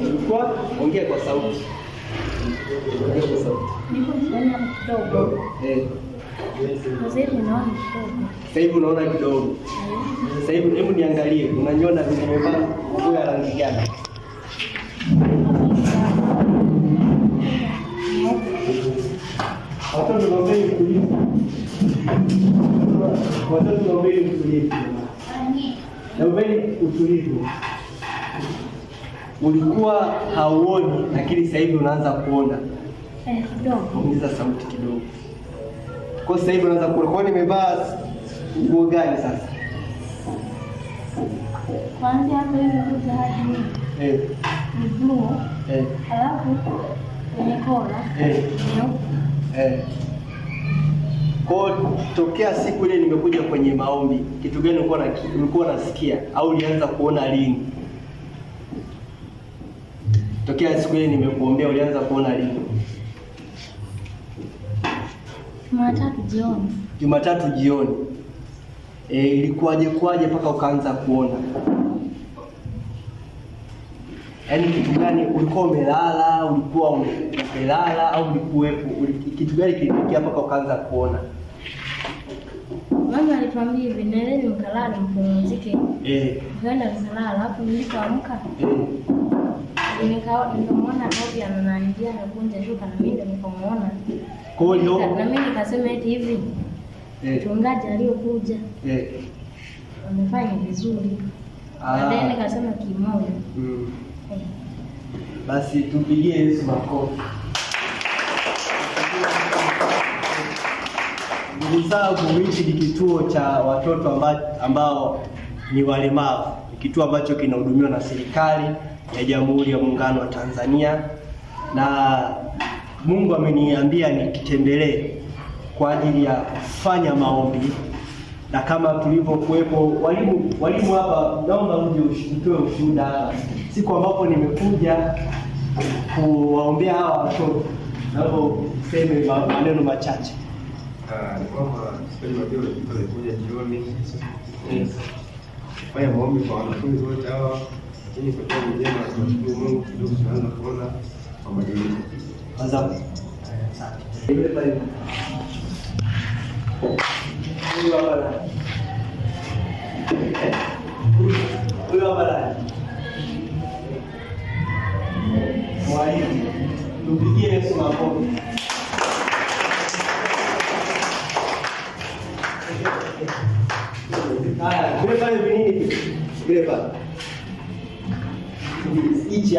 nilikuwa ongea kwa sauti. Eh. Sasa hivi unaona kidogo. Eh. Sasa hivi hebu niangalie, unaniona vile nimevaa nguo ya rangi gani? Naombeni utulivu ulikuwa hauoni, lakini sasa hivi unaanza kuona. Eh, Ongeza sauti kidogo. Kwa sasa hivi unaanza kuona. Kwa nimevaa nguo gani sasa? Kwanza hapo kuja hadi eh, eh, alafu eh, eh. Kwa tokea siku ile nimekuja kwenye maombi, kitu gani ulikuwa unasikia au ulianza kuona lini? Tokea siku ile nimekuombea ulianza kuona lini? Jumatatu jioni. Jumatatu jioni. E, ilikuwaje kwaje mpaka ukaanza kuona? Yaani kitu gani ulikuwa umelala, ulikuwa umelala au ulikuwepo? Kitu gani kilitokea mpaka ukaanza kuona? Mama alituambia hivi, nendeni mkalale mpumzike. Eh. Nikaenda nikalala, alafu nilipoamka eh nikamwona Bobi ananiambia amekunja shuka, na mimi ndio Kwa hiyo na mimi nikasema eti hivi eh. mchungaji eh, aliyokuja eh, amefanya vizuri ah. Baadaye nikasema kimoja mm. eh. Basi tupigie Yesu makofi. Ndugu zangu, hichi ni kituo cha watoto ambao, ambao ni walemavu, ni kituo ambacho kinahudumiwa na serikali ya Jamhuri ya Muungano wa Tanzania, na Mungu ameniambia nikitembelee kwa ajili ya kufanya maombi, na kama tulivyokuwepo walimu walimu hapa, naomba mje ushitoe ushuhuda hapa siku ambapo nimekuja kuwaombea hawa watoto, naomba seme maneno machache. Ah, ni kwa jioni maombi kwa wanafunzi wote hawa lakini kwa kazi njema tunashukuru Mungu kidogo tunaanza kuona mabadiliko. Kwanza eh, ile pale huyu hapa na huyu hapa na mwalimu, tupigie Yesu makofi. Haya, vile pale 一节。